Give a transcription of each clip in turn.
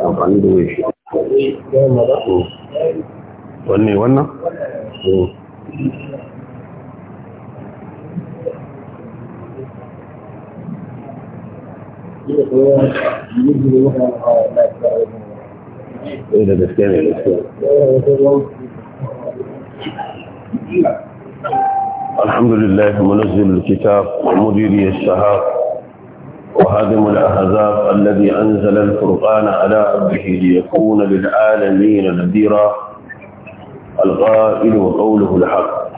wani الحمد لله منزل الكتاب ومديري الشهاب وهدم الأحزاب الذي أنزل الفرقان على عبده ليكون للعالمين نذيرا القائل وقوله الحق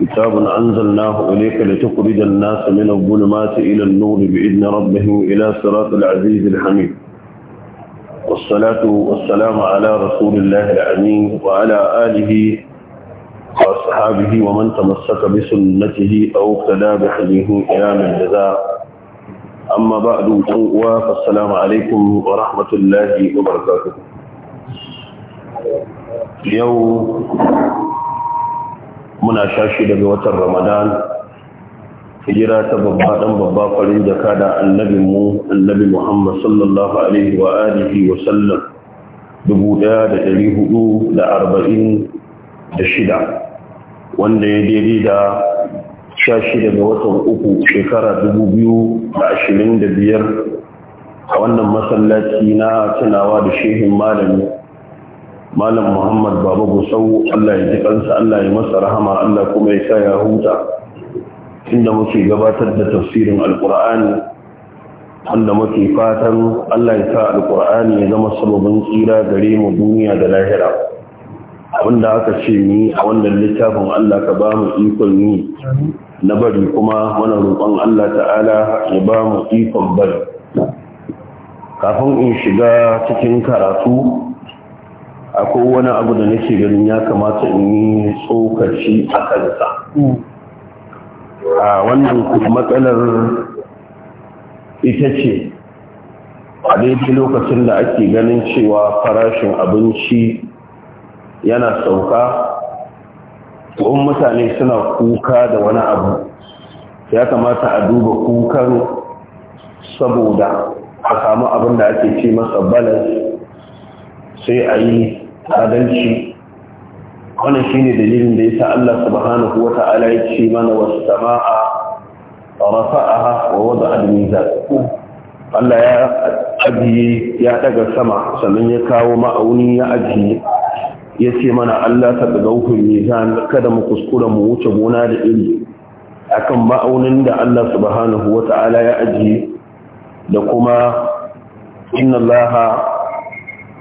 كتاب أنزلناه إليك لتخرج الناس من الظلمات إلى النور بإذن ربهم إلى صراط العزيز الحميد والصلاة والسلام على رسول الله الأمين وعلى آله وأصحابه ومن تمسك بسنته أو اقتدى بحديه إلى من جزاء amma ba a dukkan uwa assalamu alaikum wa rahmatullahi wa barakatuh yau muna shashi daga watan ramadan hijira ta babba dan babba farin jaka da annabinmu annabi muhammad sallallahu alaihi wa da wa sallam 1446 wanda ya daidai da 16 ga watan uku shekara 2025 a wannan masallaci na tunawa da shehin malami malam muhammad baba gusau allah ya ji kansa allah ya masa rahama allah kuma ya sa ya huta inda muke gabatar da tafsirin alkur'ani wanda muke fatan allah ya sa alkur'ani ya zama sababin tsira gare mu duniya da lahira wanda aka ce ni a wannan littafin allah ka ba mu ikon ni na bari kuma wani roƙon Allah ta'ala ya ba mu ikon bari kafin in shiga cikin karatu akwai wani abu da nake ganin ya kamata in yi tsokaci a kansa a wannan matsalar ita ce a daidai lokacin da ake ganin cewa farashin abinci yana sauka to mutane suna kuka da wani abu ya kamata a duba kukan saboda a samu abin da ake ce masa balas sai a yi adalci wannan shine dalilin da ya sa Allah subhanahu ta'ala ya ce mana was samaa rafa'aha wa wada'a al Allah ya ajiye ya daga sama sannan ya kawo ma'auni ya ajiye ya ce mana Allah ta daga mizan kada mu kuskura mu wuce gona da iri akan ma'aunin da Allah subhanahu wa ta'ala ya ajiye da kuma inna Allah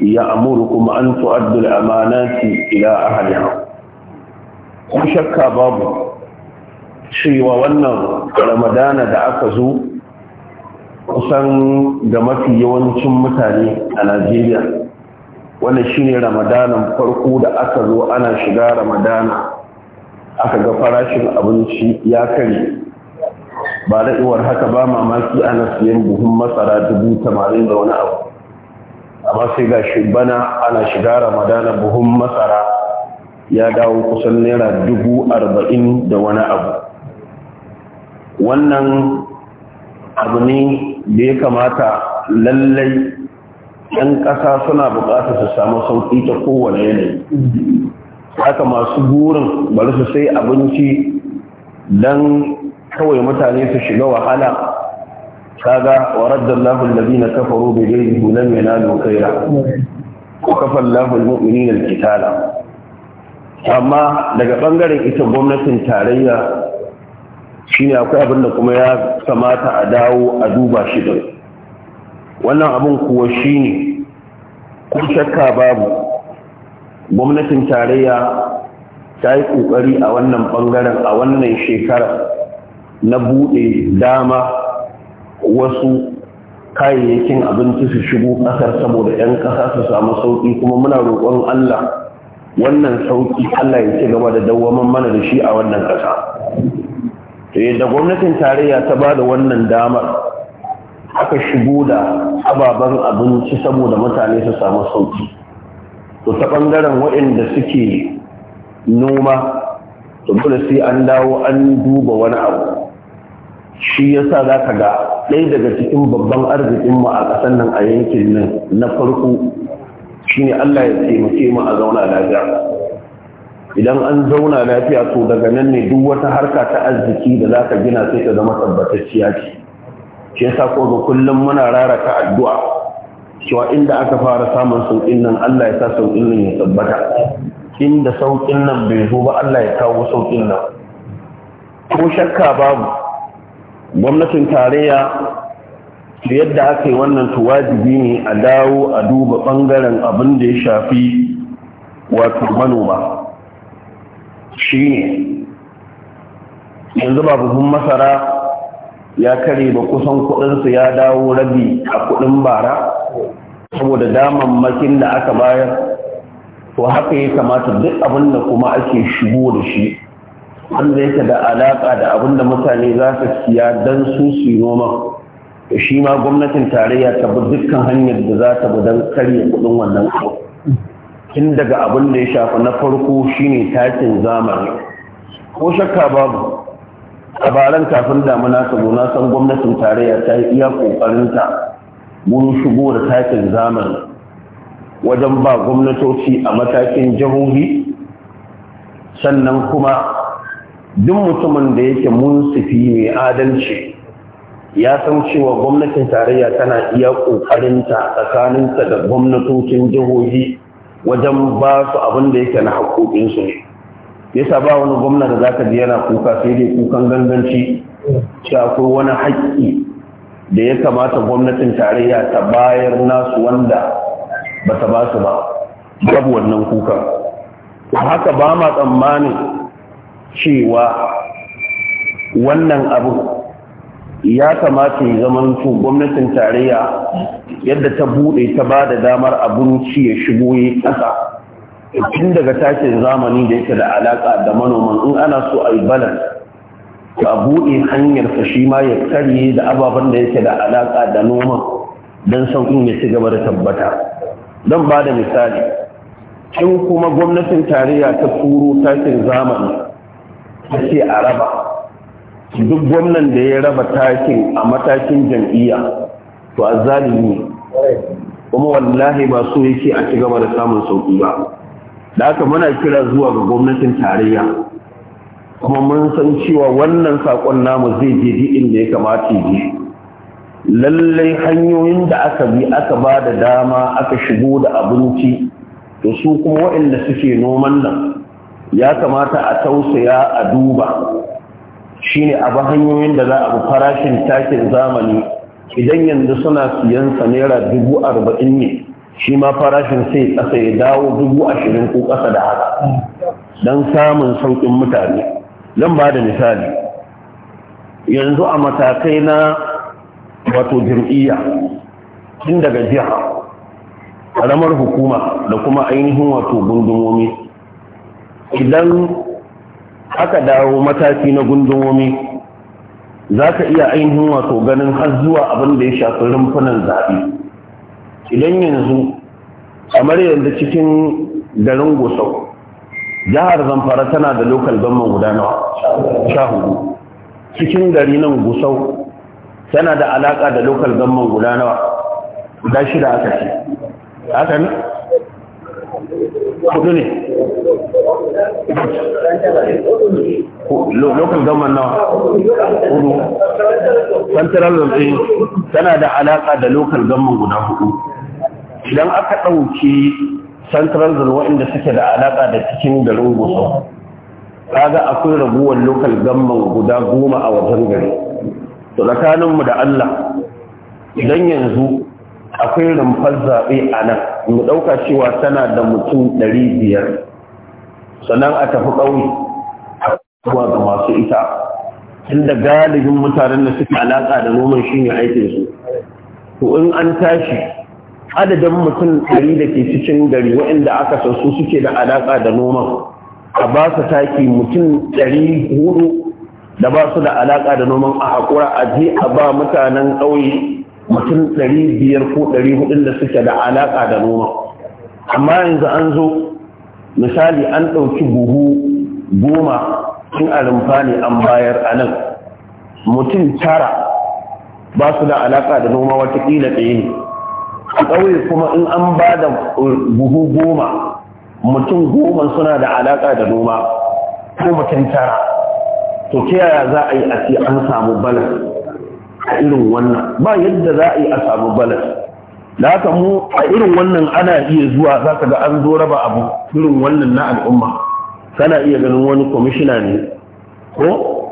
ya kuma an tu'addu al-amanati ila ahliha ku shakka babu cewa wannan ramadana da aka zo kusan ga mafi yawancin mutane a Najeriya wannan shine ramadanin farko da aka zo ana shiga ramadana aka ga farashin abinci ya kare ba daɗewar haka ba mamaki ana siyan buhun masara dubu tamanin da wani abu amma sai ga bana ana shiga ramadana buhun masara ya dawo kusan naira dubu arba'in da wani abu wannan abu ne da ya kamata lallai 'yan ƙasa suna buƙatar su samu sauƙi ta kowane yanayi haka masu burin bari su sai abinci don kawai mutane su shiga wahala kaga wa raddallahu alladhina kafaru bi na? lam yanalu khayra wa kafa Allahu almu'minina Kitala? amma daga ɓangaren ita gwamnatin tarayya shine akwai abin da kuma ya kamata a dawo a duba shi din wannan abin kuwa shine kun shakka babu gwamnatin tarayya ta yi ƙoƙari a wannan bangaren a wannan shekara na buɗe dama wasu kayayyakin abinci su shigo ƙasar saboda 'yan ƙasa su samu sauƙi kuma muna roƙon Allah wannan sauƙi Allah ya ci gaba da dawwaman mana da shi a wannan ƙasa. da gwamnatin tarayya ta ba da wannan damar aka shigo da ababen abinci saboda mutane su samu sauki to ta ɓangaren waɗanda suke noma to dole sai an dawo an duba wani abu shi ya sa za ka ga ɗaya daga cikin babban arzikinmu a ƙasar nan a yankin nan na farko shine Allah ya taimake mu a zauna lafiya idan an zauna lafiya to daga nan ne duk wata harka ta arziki da za ka gina sai ta zama tabbatacciya ce shi yasa ko ga kullum muna ka addu'a cewa inda aka fara samun sauƙin nan Allah ya sa sauƙin nan ya tabbata inda sauƙin nan bai zo ba Allah ya kawo sauƙin nan ko shakka babu gwamnatin tarayya da yadda aka yi wannan tuwajibi ne a dawo a duba ɓangaren abin da ya shafi wato manoma shi ne yanzu babu masara ya kare ba kusan kuɗinsu ya dawo rabi a kuɗin bara saboda damammakin da aka bayar to haka ya kamata duk abin da kuma ake shigo da shi wanda yake da alaka da abin da mutane za su siya don su su yi noma da shi ma gwamnatin tarayya ta bi dukkan hanyar da za ta bi don karya kuɗin wannan abu tun daga abin da ya shafi na farko shine takin zamani ko shakka babu a baran kafin damuna ta zo na san gwamnatin tarayya ta yi iya kokarinta mun shigo da takin zamani wajen ba gwamnatoci a matakin jihohi sannan kuma duk mutumin da yake munsifi mai adalci ya san cewa gwamnatin tarayya tana iya kokarinta tsakaninta da gwamnatocin jihohi wajen ba su abin da yake na haƙoƙinsu ne yasa ba wani gwamna da zaka ji yana kuka sai dai kukan ganganci cewa akwai wani haƙƙi da ya kamata gwamnatin tarayya ta bayar nasu wanda ba ta ba su ba babu wannan kukan haka ba ma tsammanin cewa wannan abu ya kamata ya zama su gwamnatin tarayya yadda ta buɗe ta ba da damar abinci ya shigo ya ƙasa tun daga takin zamani da yake da alaƙa da manoman in ana so a yi balan a buɗe hanyar shi ma ya karye da ababen da yake da alaƙa da noman don sauƙin ya ci gaba da tabbata don ba da misali in kuma gwamnatin tarayya ta turo takin zamani ta ce a raba duk gwamnan da ya raba takin a matakin jam'iyya to a zalimi kuma wallahi ba so yake a ci gaba da samun sauƙi ba da haka muna kira zuwa ga gwamnatin tarayya kuma mun san cewa wannan sakon namu zai je duk inda ya kamata je lallai hanyoyin da aka bi aka ba da dama aka shigo da abinci to su kuma waɗanda suke noman nan ya kamata a tausaya a duba shine abu hanyoyin da za a bi farashin takin zamani idan yanzu suna siyan sa naira dubu arba'in ne shi ma farashin sai ƙasa ya dawo dubu ashirin ko ƙasa da haka don samun sauƙin mutane zan ba da misali yanzu a matakai na wato jam'iyya tun daga jiha ƙaramar hukuma da kuma ainihin wato gundumomi idan aka dawo mataki na gundumomi za ka iya ainihin wato ganin har zuwa abin da ya shafi rumfunan zaɓe idan yanzu kamar yanzu cikin garin gusau jihar zamfara tana da lokal gamman guda sha hudu cikin gari nan gusau tana da alaka da lokal gamman guda guda shida aka ce aka ne hudu ne lokal gamman nawa hudu central zamfara eh, tana da alaka da lokal gamman guda hudu idan aka ɗauki central zone waɗanda suke da alaƙa da cikin garin gusa kaga akwai raguwar lokal gamman guda goma a wajen gari to tsakaninmu da allah idan yanzu akwai rumfar zaɓe a nan mu ɗauka cewa tana da mutum ɗari biyar sannan a tafi ƙauye a kuma ga masu ita inda galibin mutanen da suke alaƙa da noman shi aikinsu to in an tashi adadin mutum ɗari da ke cikin gari waɗanda aka san suke da alaƙa da noman a ba su taki mutum ɗari hudu da ba su da alaƙa da noman a haƙura a je a ba mutanen ƙauye mutum ɗari biyar ko ɗari hudun da suke da alaƙa da noman amma yanzu an zo misali an ɗauki buhu goma in a rumfa ne an bayar a nan mutum tara ba su da alaƙa da noma watakila ɗaya ne a ƙauye kuma in an ba da uh, buhu goma mutum goma suna da alaƙa da noma ko mutum tara to kiyaya yaya za a yi a ce an samu balas a irin wannan ba yadda za a yi a samu balas da haka mu a irin wannan ana iya zuwa za ka ga an zo raba abu irin wannan na al'umma kana iya ganin wani kwamishina ne ko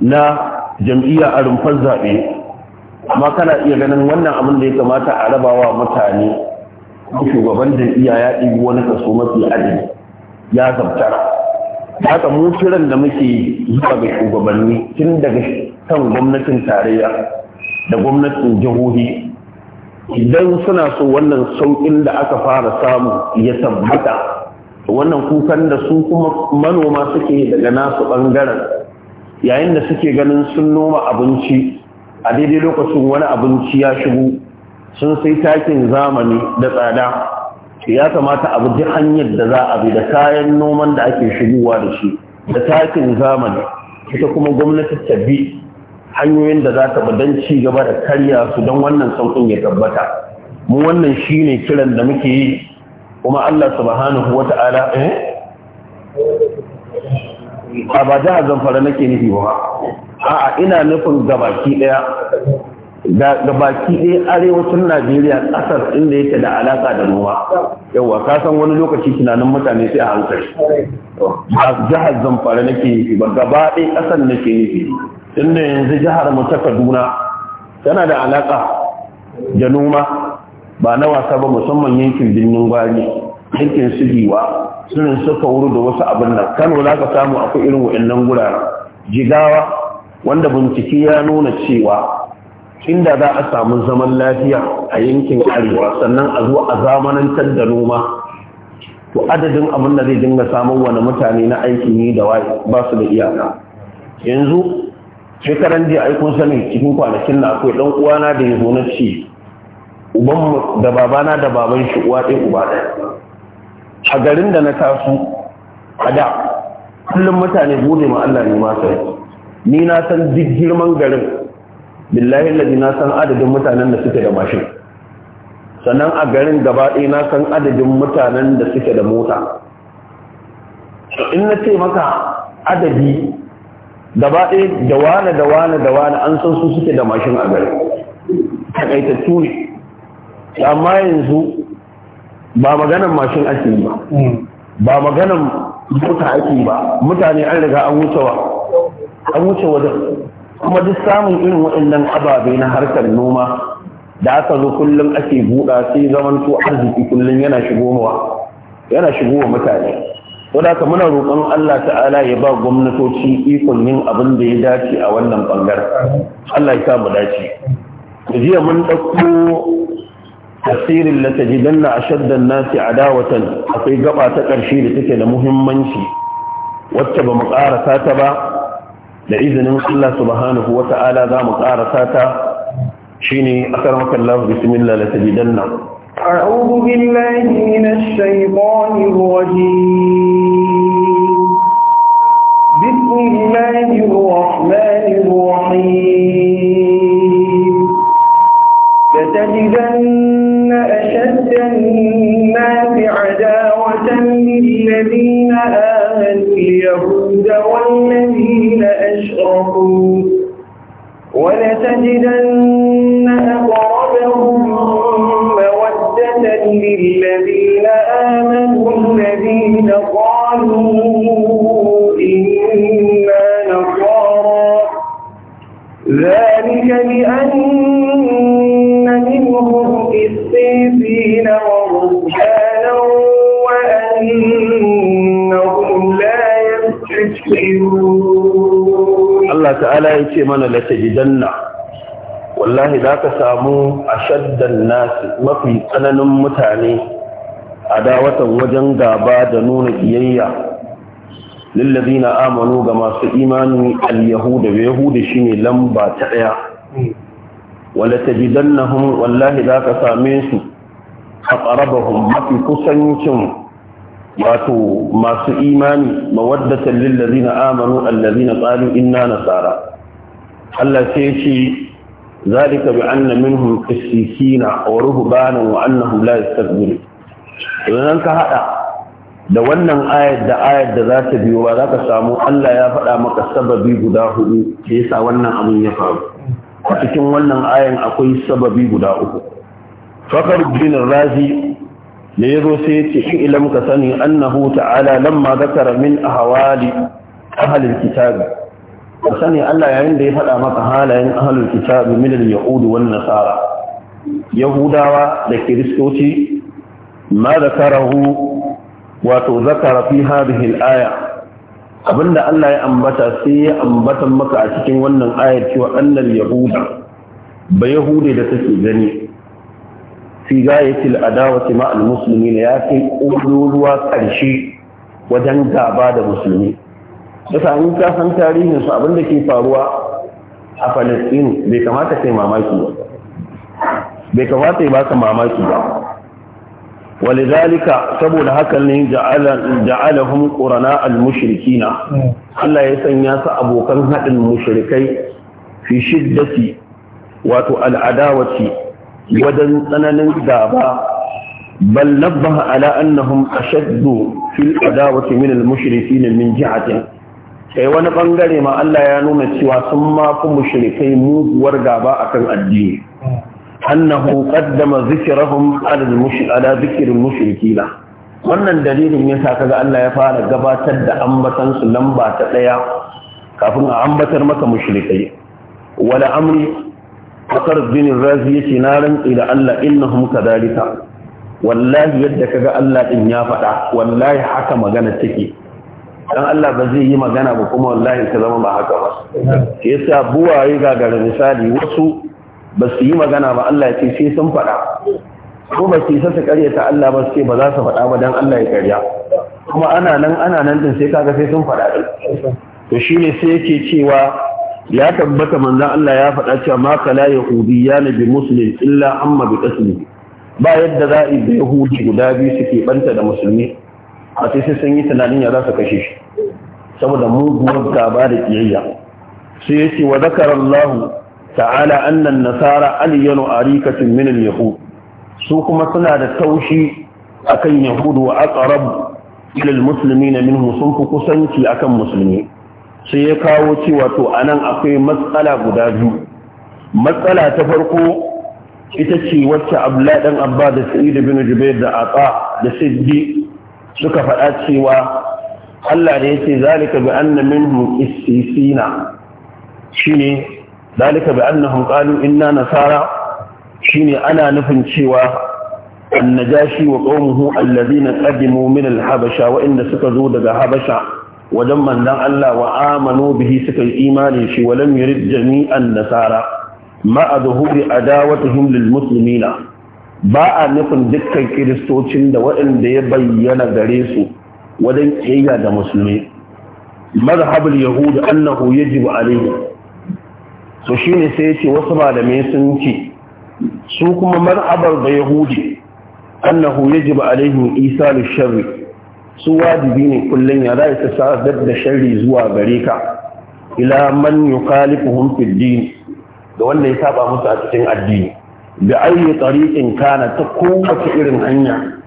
na jam'iyya a rumfar zaɓe amma kana iya ganin wannan abin da ya kamata a rabawa mutane shugaban da iya ya ɗibi wani kaso mafi adali ya zabtara haka mu kiran da muke zuwa ga shugabanni tun daga kan gwamnatin tarayya da gwamnatin jihohi idan suna so wannan saukin da aka fara samu ya tabbata wannan kukan da su kuma manoma suke daga nasu ɓangaren yayin da suke ganin sun noma abinci a daidai lokacin wani abinci ya shigo sun sai takin zamani da tsada ya kamata abu duk hanyar da za a bi da kayan noman da ake shigowa da shi da takin zamani ita kuma gwamnati ta bi hanyoyin da za ta bi don ci gaba da karya su don wannan sauƙin ya tabbata mu wannan shi ne kiran da muke yi kuma Allah subhanahu wata'ala eh a ba jihar zamfara nake nufi ba a'a ina nufin gabaki daya gabaki daya arewacin najeriya ƙasar inda yake da alaka da noma Yauwa ka san wani lokaci tunanin mutane sai a hankali ba jihar zamfara nake nufi ba gaba ɗaya kasar nake nufi inda yanzu jihar mu ta kaduna tana da alaƙa da noma ba na wasa ba musamman yankin birnin gwari yankin su giwa sunan suka wuri da wasu abin nan kano za ka samu akwai irin wa'annan guraren jigawa wanda bincike ya nuna cewa inda za a samu zaman lafiya a yankin arewa sannan a zo a zamanantar da noma to adadin abin da zai dinga samun wani mutane na aikin yi da waye ba su da iyaka yanzu shekaran jiya ai kun sani cikin kwanakin na akwai dan uwana da ya zo na ci uban da babana da baban shi uwa ɗaya uba ɗaya a garin da na taso a da kullum mutane gode ma Allah ne ma sai ni na san duk girman garin billahi ladi na san adadin mutanen da suke da mashin sannan a garin gaba ɗaya na san adadin mutanen da suke da mota in na ce maka adadi gaba ɗaya da wane da wane da wane an san su suke da mashin a garin takaitattu ne amma yanzu ba maganan mashin ake ba hmm. ba maganan mota ake ba mutane an riga an wa. an wuce wa kuma duk samun irin waɗannan ababe na harkar noma da aka zo kullum ake buɗa sai zaman arziki kullum yana shigo wa yana shigo wa mutane ko muna roƙon Allah ta'ala ya ba gwamnatoci ikon yin abin da ya dace a wannan bangaren Allah ya sa mu dace jiya mun ɗauko tasirin la tajidanna a shaddan nasi dawatan akwai gaba ta ƙarshe da take da muhimmanci wacce ba mu ƙarasa ta ba da izinin Allah subhanahu wata'ala za mu ƙarasa ta shine akarmaka Allah bismillah la tajidanna a'udhu billahi na shaitanir rajim yace mana la tajidanna wallahi za ka samu ashaddan nasi mafi tsananin mutane adawatan wajen gaba da nuna kiyayya lillazina amanu ga masu imanin al-yahuda wa shi ne lamba ta ɗaya wala tajidannahum wallahi za ka same su aqrabahum mafi kusancin wato masu imani mawaddatan lillazina amanu allazina tsarin inna nasara Allah sai ya ce zalika bi anna minhum qissikina wa ruhbana wa annahum la yastakbirun idan ka haɗa da wannan ayar da ayar da za ta biyo ba za ka samu Allah ya faɗa maka sababi guda hudu da yasa wannan abin ya faru a cikin wannan ayan akwai sababi guda uku fakar bin razi da ya zo sai ya ce shi ilam ka sani annahu ta'ala lamma zakara min ahwali ahlil kitabi ka sani Allah yayin da ya faɗa maka halayen ahlul kitabi min al-yahud wan nasara yahudawa da kiristoci ma zakarahu wato zakara fi hadhihi al-aya abinda Allah ya ambata sai ya ambata maka a cikin wannan ayar cewa annal yahuda ba yahude da take gani fi gayatil adawati ma al muslimin ya kai ƙururuwa ƙarshe wajen gaba da musulmi da sami ka san abinda ke faruwa a Palestine bai kamata mamaki ba bai kamata ya baka mamaki ba walidhalika saboda hakan ne ja'ala ja'alahum qurana al-mushrikina Allah ya sanya su abokan haɗin mushrikai fi shiddati wato al'adawaci wajen tsananin gaba bal nabbaha ala annahum ashaddu fil adawati min al-mushrikina min Sai eh, wani bangare ma Allah ya nuna cewa sun ma fi mushrikai muguwar gaba akan addini annahu qaddama zikrahum ala zikril mushrikina wannan dalilin yasa kaga Allah ya fara gabatar da ambatan su lamba ta daya kafin a ambatar maka mushrikai wala amri Bakar bin Razi yace na rantsi da Allah innahum kadalika wallahi yadda kaga Allah din ya faɗa wallahi haka magana take dan Allah ba zai yi magana ba kuma wallahi ta zama ba haka ba shi yasa buwaye ga misali wasu ba su yi magana ba Allah ya ce sai sun faɗa ko ba su ta su Allah ba su ce ba za su faɗa ba dan Allah ya karya kuma ana nan ana nan din sai kaga sai sun faɗa to shine sai yake cewa ya tabbata manzon Allah ya faɗa cewa ma kala yahudiyya na bi muslim illa amma bi kasmi ba yadda za a yi yahudi guda biyu suke banta da musulmi a sai sai sun yi tunanin ya za su kashe shi saboda muguwar gaba da kiyayya Su yace wa zakara Allah ta'ala annan an-nasara aliyanu a rikacin minin yahud su kuma suna da taushi akan yahudu wa aqrab ila musulmi na minhu sun fi kusanci akan musulmi sai ya kawo cewa to nan akwai matsala guda biyu matsala ta farko ita ce wacce abla dan abba da sa'id bin jubair da aqa da siddi suka faɗa cewa Allah ne yace zalika bi anna minhum istisina shine zalika bi annahum qalu inna nasara shine ana nufin cewa annajashi wa qaumuhu alladhina qadimu min alhabasha wa inda suka zo daga habasha wajen manzon Allah wa amanu bihi suka yi imani shi wa lam yurid jami'an nasara ma'a zuhuri adawatihim lil ba a nufin dukkan kiristocin da waɗanda ya bayyana gare su wajen kiyayya da musulmi mazhabul yahudu annahu yajib alayhi to shine sai yace wasu malamai sun ce su kuma mazhabar da yahudi annahu yajib alayhi isalu sharri su wajibi ne kullun ya zai ta sadar da sharri zuwa gare ka ila man yukhalifuhum fid din da wanda ya saba musu a cikin addini da ayi tariqin kana ta kowace irin hanya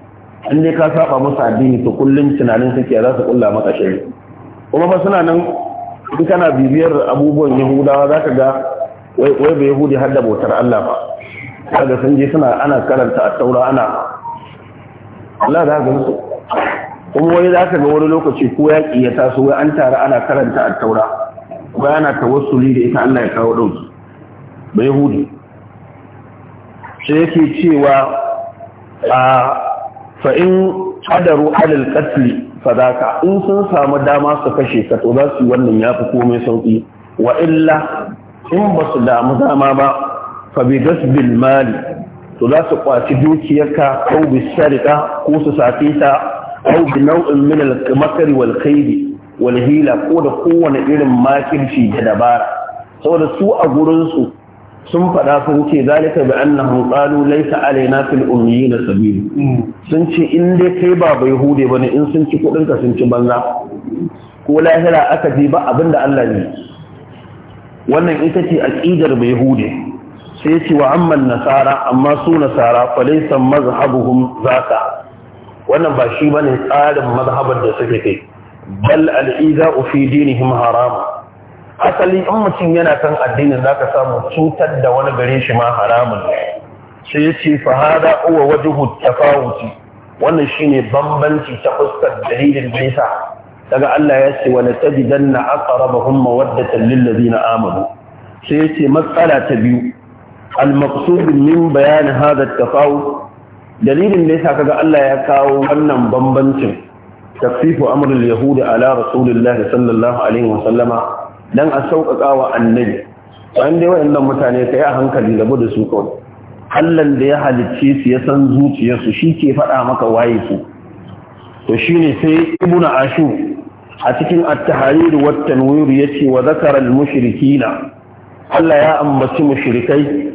An dai ka saba musu addini to kullum tunanin kake za su kulla maka shari kuma ba suna nan in kana bibiyar abubuwan yahudawa za ka ga wai bai ba yahudi har da bautar Allah ba kaga sun je suna ana karanta a taura ana Allah za ga musu kuma wai ka ga wani lokaci ko yaƙi ya taso wai an tare ana karanta a taura bayana tawassuli da ita Allah ya kawo ɗauki ba yahudi sai yake cewa a fa'in qadaru alal qatl fadaka in sun samu dama su kashe ka to za su wannan fi komai sauƙi wa illa in ba su damu dama ba fa bi gasbil mali to za su kwaci dukiyarka ko bi sharika ko su safe ta ko bi nau'in min al makari wal wal hila ko da kowane irin makirci da dabara saboda su a gurin su sun faɗa sun ce zalika bi annahum qalu laysa alaina fil ummiyina sabil mm. sun ce in dai kai ba bai hude bane in sun ci kudin ka sun ci banza ko lahira aka ji ba abinda Allah ne wannan ita ce aqidar bai hude sai ce wa amman nasara amma su nasara fa laysa mazhabuhum zaka wannan ba shi bane tsarin mazhabar da suke kai bal al'iza izau fi dinihim harama asali in mutum yana kan addinin za ka samu cutar da wani gare shi ma haramun sai ya ce fahada uwa wajihu tafawuti wannan shine bambanci ta fuskar dalilin nesa daga Allah ya ce wala tajidanna aqrabahum mawaddatan lil ladina amanu sai ya ce matsala ta biyu al maqsud min bayan hada tafawut dalilin nesa kaga Allah ya kawo wannan bambancin tafsifu amrul yahudi ala rasulillah sallallahu alaihi wa sallama dan a sauƙaƙa wa annabi an dai waɗannan mutane ka yi a hankali rabu da su kawai hallan da ya halicce su ya san zuciyarsu shi ke faɗa maka waye su to shine sai ibnu ashu a cikin at-tahrir wa at-tanwir yace wa zakarar mushirikina Allah ya ambaci mushrikai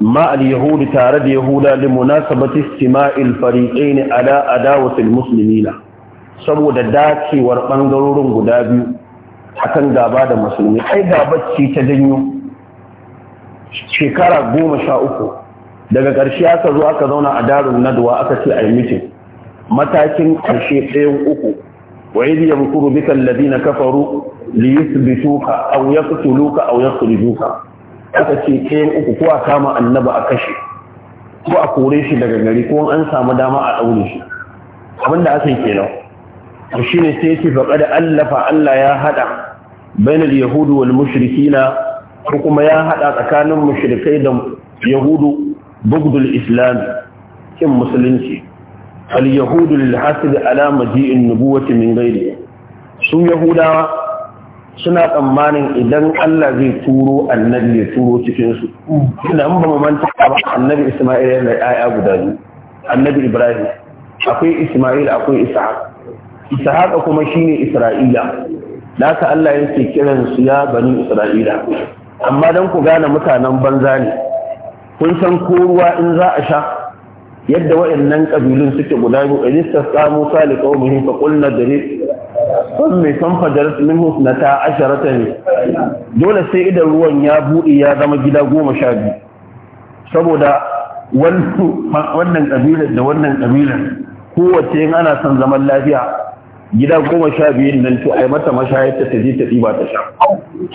ma al tare da yahuda li munasabati istima'il fariqain ala adawati al-muslimina saboda dacewar bangarorin guda biyu akan gaba da musulmi ai gaba ce ta janyo shekara goma sha uku daga ƙarshe aka zo aka zauna a darin naduwa aka ce a yi mitin matakin ƙarshe ɗayan uku وإذ يمكر بك الذين كفروا ليثبتوك أو يقتلوك أو يخرجوك aka ce ɗayan uku ko a kama annaba a kashe ko a kore shi daga gari ko an samu dama a ɗaure shi abinda aka yi kenan to shine sai ce faɗa da allafa Allah ya haɗa bainal yahudu wal mushrikina ko kuma ya hada tsakanin mushrikai da yahudu bugdul islam kin musulunci al yahudu lil hasad ala maji'in nubuwati min ghairi su yahudawa suna tsammanin idan Allah zai turo annabi ya turo cikin su ina mun ba mu manta ba annabi Isma'il yana da ayya guda biyu annabi Ibrahim akwai Isma'il akwai Ishaq Ishaq kuma shine Isra'ila da haka Allah yake kiran su ya bani Isra'ila amma dan ku gane mutanen banza ne kun san ko ruwa in za a sha yadda waɗannan kabilun suke guda biyu in istasqa Musa li qaumihi fa da dari kun mai san fajarat minhu ta asharata ne dole sai idan ruwan ya buɗe ya zama gida goma sha biyu saboda wannan kabilar da wannan kabilar kowace yin ana son zaman lafiya gida goma sha biyun nan to ai mata mashayarta ta je ta ɗiba ta sha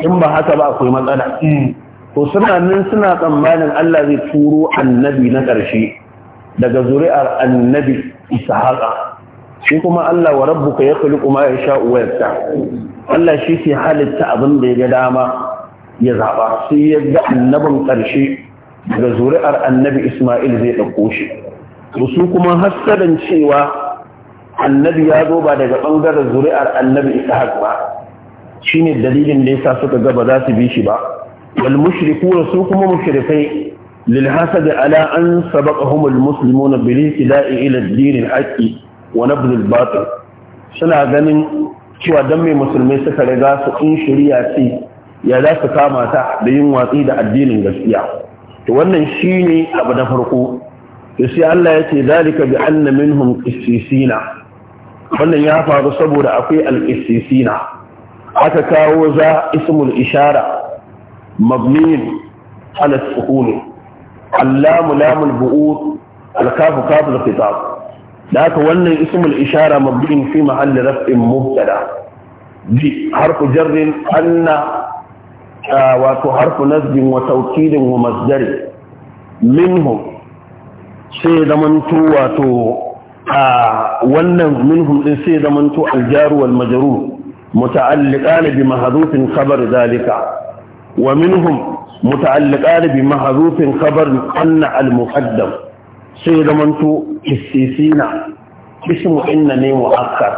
in ba haka ba akwai matsala mm. to suna nan suna tsammanin Allah zai turo annabi na ƙarshe daga zuri'ar annabi ishaqa shi kuma Allah wa rabbuka yakhluqu ma yasha'u uwa yasta'u Allah shi ke halitta abin da ya ga dama ya zaɓa. sai ya ga annabin ƙarshe daga zuri'ar annabi Isma'il zai ɗauko shi su kuma hassadan cewa annabi ya zo ba daga ɓangaren zuri'ar annabi ishaq ba shine dalilin da yasa suka ga za su bi shi ba wal mushrikuna su kuma mushrikai lil hasad ala an sabaqahum al muslimuna bil istila'i ila ad-din al haqqi wa nabl al batil suna ganin cewa dan mai musulmai suka riga su in shari'a ce ya za su kama ta da yin watsi da addinin gaskiya to wannan shine abu na farko to sai Allah ya ce zalika bi anna minhum qissisina wannan ya faru saboda akwai al aka kawo za ismul ishara mabmin halas sukuni allamu lamul bu'ud al-kafu kafu al-khitab da haka wannan ismul ishara mabniyin fi mahalli raf'in mubtada bi harfu jarrin anna wato harfu nasbin wa tawkidin wa masdari minhum sai zamanto wato a wannan minhum din sai zamanto aljaru wal majrur muta'alliqan bi mahdhufin khabar zalika wa minhum muta'alliqan bi mahdhufin khabar anna al muqaddam sai zamanto istisina ismu inna ne mu'akkar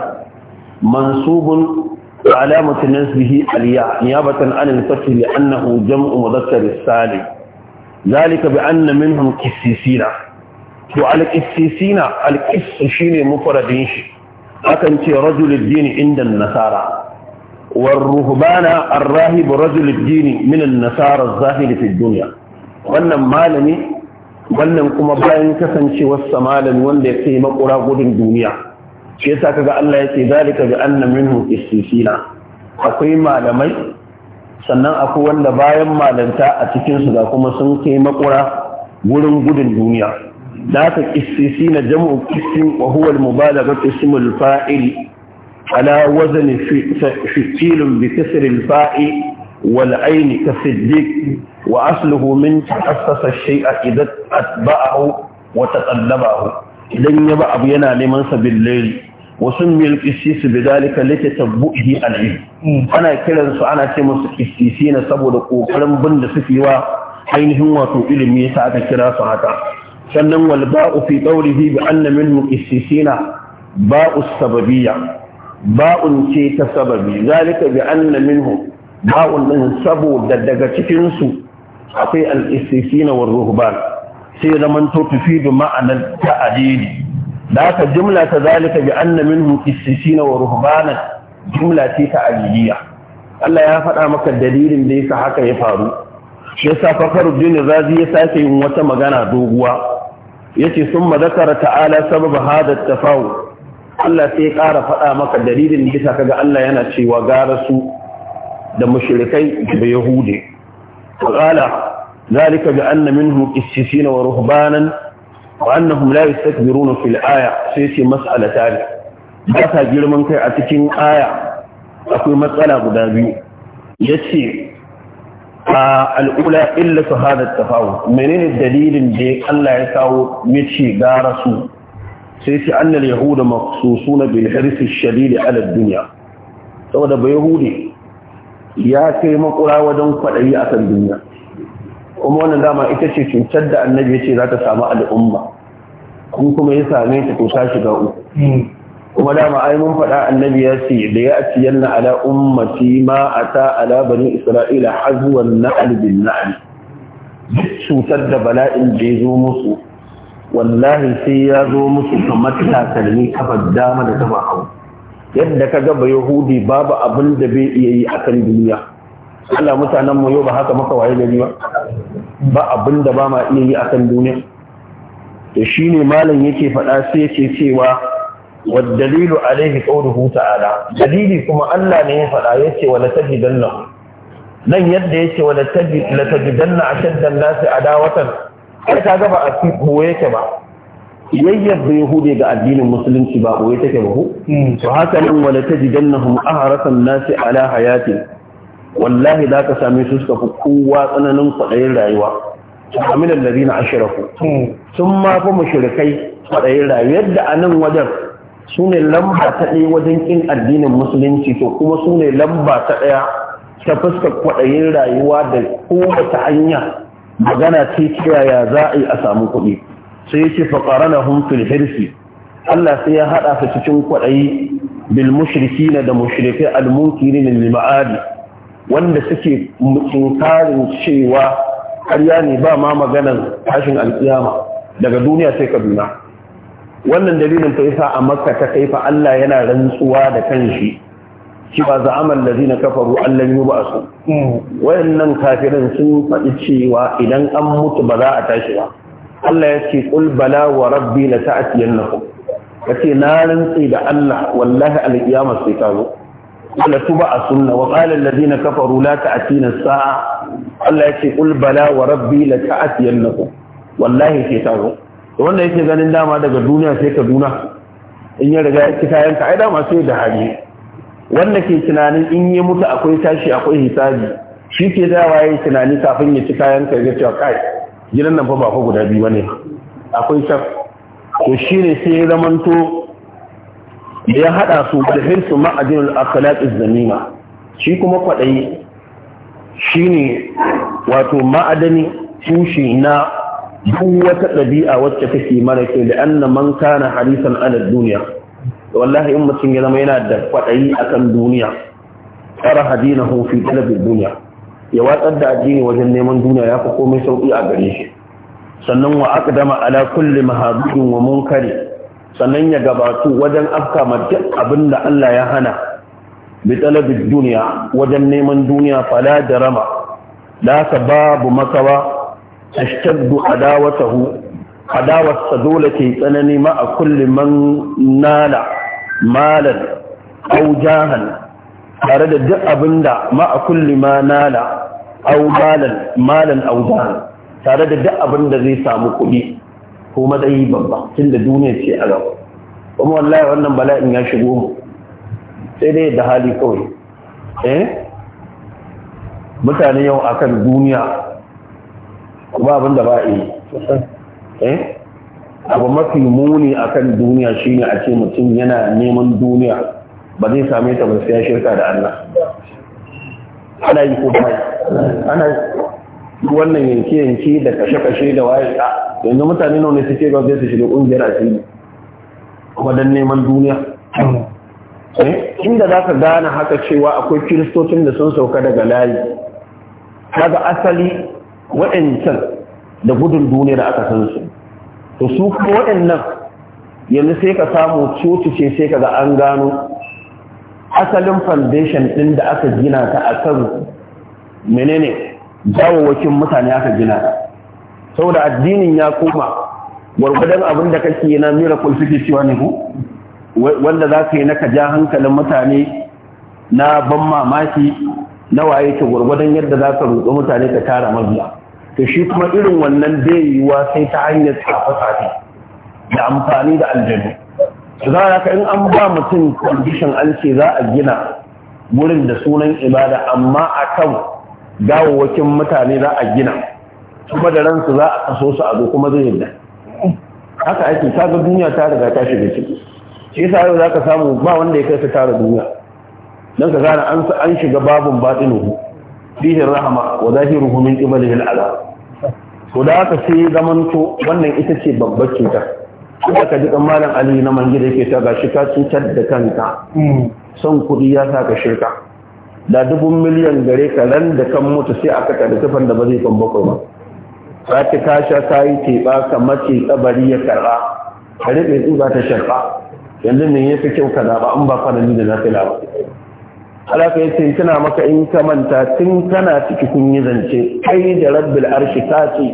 mansubun علامة نسبه الياء نيابة عن الفتح لأنه جمع مذكر السالم ذلك بأن منهم كسيسين to alƙissisina alƙissu shine mufradin shi akan ce rajulul dini inda nasara war an arrahib rajulul dini nasara zahiri fi dunya wannan malami wannan kuma bayan kasancewarsa malami wanda ya kai makura gudun duniya shi yasa kaga Allah ya ce zalika bi anna minhu qissisina akwai malamai sannan akwai wanda bayan malanta a cikin su da kuma sun kai makura gurin gudun duniya da aka kistisi na jam’u kistin ƙwahuwar mubalaga ƙismul fa’il ala wazani fitilun bi kisirin fa’i wal aini ta wa asluhu min tasasa a idan atba'ahu wa ta idan ya ba abu yana neman sabin lairi wasu mil kistisi bi dalika lake tabbu ihi alayhi hmm. ana kiran su ana ce musu kistisi na saboda ƙoƙarin bin da suke ainihin wato ilimi ta aka kira su haka sannan wal ba'u fi qawlihi bi anna min muqassisina ba'u sababiyya ba'un ce ta sababi zalika bi anna minhum ba'un din saboda daga cikin su akwai al-istisina war ruhban sai zaman to tufidu ta ta'adidi da ka jumla ta zalika bi anna minhum istisina war ruhbanan jumla ce ta ta'adidiyya Allah ya faɗa maka dalilin da yasa haka ya faru shi yasa fakhruddin razi ya sake yin wata magana doguwa yace summa zakara ta'ala sababa hada tafawu Allah sai ya ƙara faɗa maka dalilin bisa kaga Allah yana cewa gara su da mushirikai da yahude qala zalika bi anna minhum qissisina wa ruhbanan wa annahum la yastakbiruna fil aya sai ce mas'alatan ba ta girman kai a cikin aya akwai matsala guda biyu yace al'ula illa su hada tafawo menene dalilin da Allah ya kawo mace gara su sai ce annal yahuda maksusu na bil harfi shadidi ala duniya saboda bai yahudi ya kai makura wajen kwaɗayi a kan duniya kuma wannan dama ita ce cutar da annabi ya ce za ta samu al'umma kun kuma ya same ta to ta shiga uku hmm. kuma dama ai mun faɗa annabi ya ce da ya ci yanna ala ummati ma ata ala bani isra'ila hazwan na'al bin na'al duk cutar da bala'in da ya zo musu wallahi sai ya zo musu kamar takalmi kafar dama da kafa hagu yadda ka gaba yahudi babu abin da bai iya yi akan duniya Allah mutanen mu yau ba haka maka waye gari ba ba abin da ba ma iya yi akan duniya to shine malam yake faɗa sai yake cewa والدليل عليه قوله تعالى دليلي كما الله ne ya fada yace wala tajidanna nan yadda yace wala tajidanna tajidanna ashaddan nasi adawatan kai kaga ba a boye yake ba yayyar da yahudi ga addinin musulunci ba boye take ba ko to haka nan wala tajidannahum aharatan nasi ala hayati wallahi ka same su suka fi kowa tsananin kwaɗayin rayuwa min alladhina ashraku sun ma fa mushrikai kwaɗayin rayuwa yadda a nan wajen su ne lamba ta ɗaya wajen ƙin addinin musulunci to kuma su ne lamba ta ɗaya ta fuskar kwaɗayin rayuwa da kowace hanya magana ce yaya za a yi a samu kuɗi sai ce faƙara na hunfil hirsi Allah sai ya haɗa su cikin kwaɗayi bil mushriki na da mushrikai almunki ne ma'adi wanda suke tsinkarin cewa ƙarya ne ba ma maganar tashin alƙiyama daga duniya sai kaduna wannan dalilin fa yasa a makka ta kai fa Allah yana rantsuwa da kanshi shi ba za za'amal ladina kafaru allan yub'asu wayannan kafirin sun faɗi cewa idan an mutu ba za a tashi ba Allah ya ce qul bala wa rabbi la ta'tiyannakum kace na rantsi da Allah wallahi alqiyama sai ta zo qul tuba asunna wa qala alladhina kafaru la ta'tina as-sa'a Allah ya ce qul bala wa rabbi la ta'tiyannakum wallahi sai ta zo wanda yake ganin dama daga duniya sai kaduna in ya riga ya ci yanka ai dama sai da hali wanda ke tunanin in ya mutu akwai tashi akwai hisabi shi ke dawa ya tunani kafin ya ci kayan ka ga cewa kai gidan nan fa ba fa guda biyu bane akwai shak to shine sai ya zamanto ya hada su da hirsu ma'adinul akhlaq az-zamima shi kuma shi ne wato ma'adani tushe na duk wata ɗabi'a wacce take mara kyau da anna man kana harisan ala duniya wallahi in mutum ya zama yana da kwaɗayi akan duniya tsara hadinahu fi talabin duniya ya watsar da addini wajen neman duniya ya fi komai sauƙi a gare shi sannan wa aqdama ala kulli mahadudin wa munkari sannan ya gabatu wajen afka ma duk abin da Allah ya hana bi talabin duniya wajen neman duniya fala darama da babu makawa tashtaddu adawatahu adawat dole ke tsanani ma a kulli man nala malan aw jahan tare da duk abinda ma a kulli ma nala aw malan malan aw jahan tare da duk abinda zai samu kuɗi ko matsayi babba tun da duniya ce a gaba kuma wallahi wannan bala'in ya shigo mu sai dai da hali kawai eh mutane yau akan duniya ba abin da ba a yi eh? abu mafi muni a kan duniya shine a ce mutum yana neman duniya ba zai same ta ba sai ya shirka da Allah ana yi ko bai ana wannan yanke yanke da kashe kashe da waye a yanzu mutane nawa ne suke ba zai su shiga kungiyar asiri kuma dan neman duniya eh? inda za ka gane haka cewa akwai kiristocin da sun sauka daga layi daga asali waɗancan da gudun duniya da aka san su to su kuma waɗannan yanzu sai ka samu coci sai ka ga an gano asalin foundation ɗin da aka gina ta a kan menene jawowacin mutane aka gina ta saboda addinin ya koma gwargwadon abin da kake na miracle suke cewa ne ku wanda za ka yi na ka ja hankalin mutane na ban mamaki na waye ke gwargwadon yadda za ka roƙi mutane ka tara mabiya to shi kuma irin wannan bai yiwuwa sai ta hanyar tsafafafi da amfani da aljanu za a in an ba mutum condition an ce za a gina wurin da sunan ibada amma a kan dawowakin mutane za a gina kuma da ransu za a kaso su a zo kuma zai yadda haka ake ga duniya ta riga ta shiga ciki shi sa yau ka samu ba wanda ya kai ta tara duniya don ka gane an shiga babun batinuhu fihin rahama wa zahiruhu min qibalihi al'azab to da haka sai zamanto wannan ita ce babbar cutar ko ka ji dan malam Ali na mangida yake ta gashi ka cutar da kanka hmm. son kuɗi ya sa ka shirka da dubun miliyan gare ka ran da kan mutu sai aka kada tufan da ba zai kan bakwai ba sati ka sha ka yi teɓa ka mace tsabari ya karɓa ka riƙe tsuga ta sharɓa yanzu me ya fi kyau ka zaɓa an ba kwanani da na fi alaka ya tana maka in ka manta tun kana ciki kun yi zance kai da rabbil arshi ka ce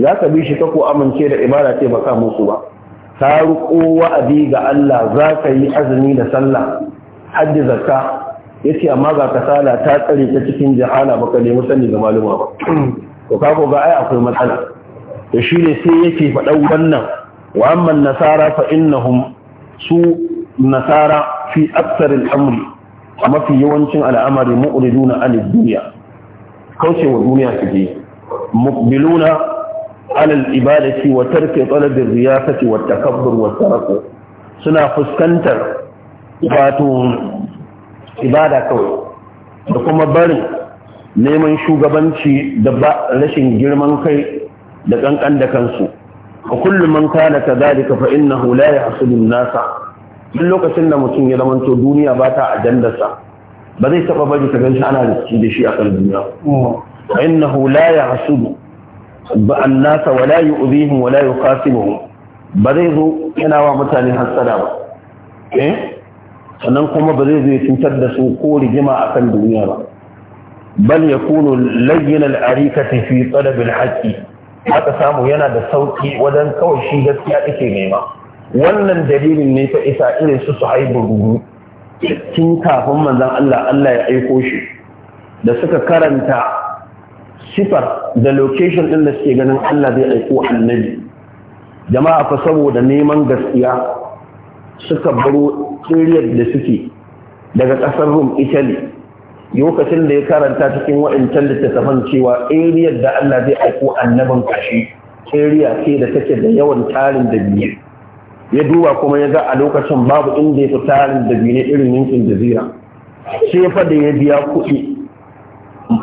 za ka bi shi ka ko amince da ibada ce baka musu ba ka riƙo wa'adi ga Allah za ka yi azumi da sallah hajji zakka yace amma ga kasala ta tsare ta cikin jahala baka nemi sani ga maluma ba to ka ko ga ai akwai matsala to ne sai yake faɗan wannan wa amman nasara fa innahum su nasara fi aktsaril amri mafi yawancin al'amari mu'riduna anid duniya wa duniya suke muqbiluna alal ibadati wa tarki talab riyasati wa takabbur wa tarqu suna fuskantar wato ibada kawai da kuma barin neman shugabanci da rashin girman kai da kankan da kansu a kullum man kana kadhalika fa innahu la yahsulu nasa duk lokacin da mutum ya zamanto duniya ba ta ajandarsa ba zai taba bari ka ganshi ana rikici da shi a kan duniya fa innahu la yahsudu ba annasa wala yu'dhihim wala yuqasibuhum ba zai zo yana wa mutane hasada ba eh sannan kuma ba zai zo ya cutar da su ko rigima a kan duniya ba bal yakunu layyin al-arikati fi talab al haka samu yana da sauki wajen kawai shi gaskiya take nema wannan dalilin ne ta isa irin su su haibu rubu tun kafin manzan Allah Allah ya aiko shi da suka karanta sifar da location ɗin da suke ganin Allah zai aiko annabi jama'a fa saboda neman gaskiya suka baro tsiriyar da suke daga ƙasar Rum Italy lokacin da ya karanta cikin wa'incan littattafan cewa ariyar da Allah zai aiko annabin kashi ariya ce da take da yawan tarin da biyu ya duba kuma ya ga a lokacin babu inda ya fi tarin da bine irin yankin jazira sai fa da ya biya kuɗi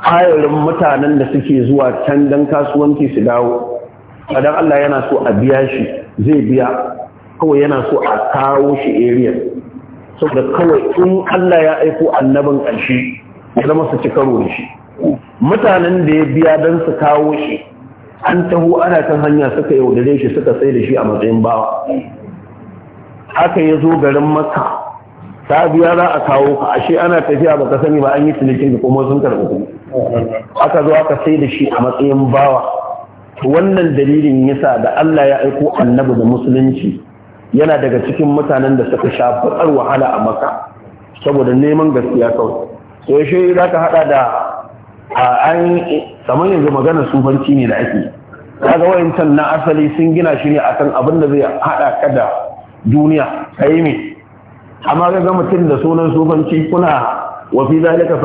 ayarin mutanen da suke zuwa can don kasuwanci su dawo dan Allah yana so a biya shi zai biya kawai yana so a kawo shi area saboda kawai in Allah ya aiko annabin ƙarshe ya zama su ci karo da shi mutanen da ya biya don su kawo shi an taho ana kan hanya suka yaudare shi suka sai da shi a matsayin bawa aka ya zo garin maka ta biya za a kawo ka ashe ana tafiya ba ka sani ba an yi cinikin da kuma sun karɓi kuma aka zo aka sai da shi a matsayin bawa wannan dalilin yasa da Allah ya aiko annabi da musulunci yana daga cikin mutanen da suka sha bakar wahala a maka saboda neman gaskiya kawai to shi za ka hada da a an kamar yanzu maganar sufanci ne da ake kaga wayancan na asali sun gina shi ne akan abin da zai haɗa ka duniya yi ne. amma ga ga mutum da sunan sufanci kuna wa fi zalika